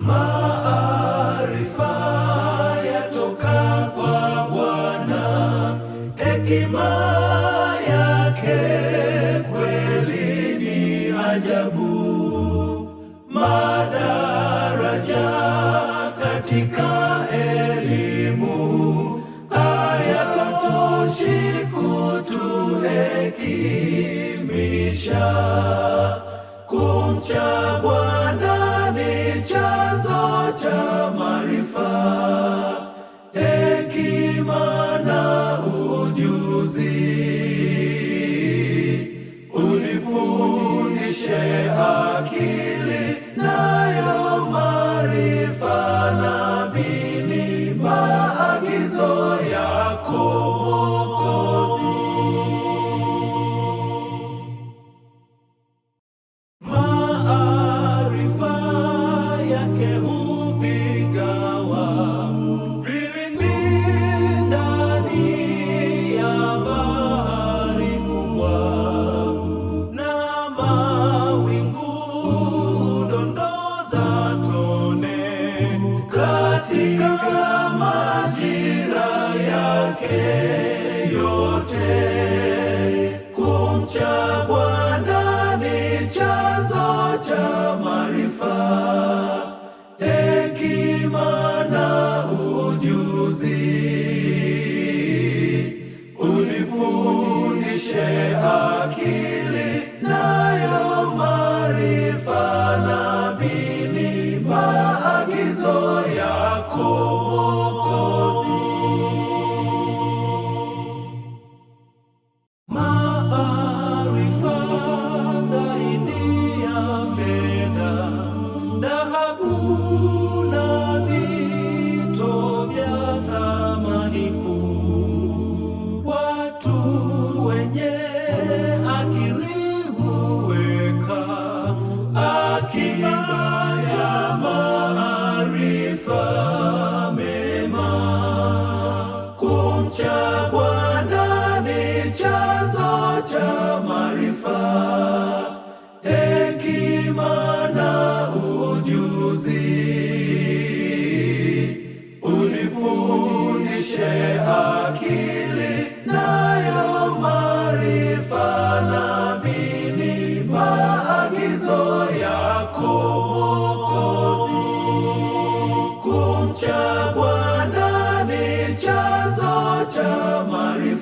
Maarifa yatoka kwa Bwana, hekima yake kweli ni ajabu. Madaraja katika elimu hayatoshi kutuhekima cha maarifa, hekima na ujuzi. Unifundishe akili nayo maarifa na bini maagizo yako. vigawa vilindi ndani ya bahari kubwa, na katika majira yake. cha maarifa, hekima na ujuzi, unifundishe akili nayo maarifa na bini, maagizo yako Mwokozi. Kumcha Bwana ni chanzo cha maarifa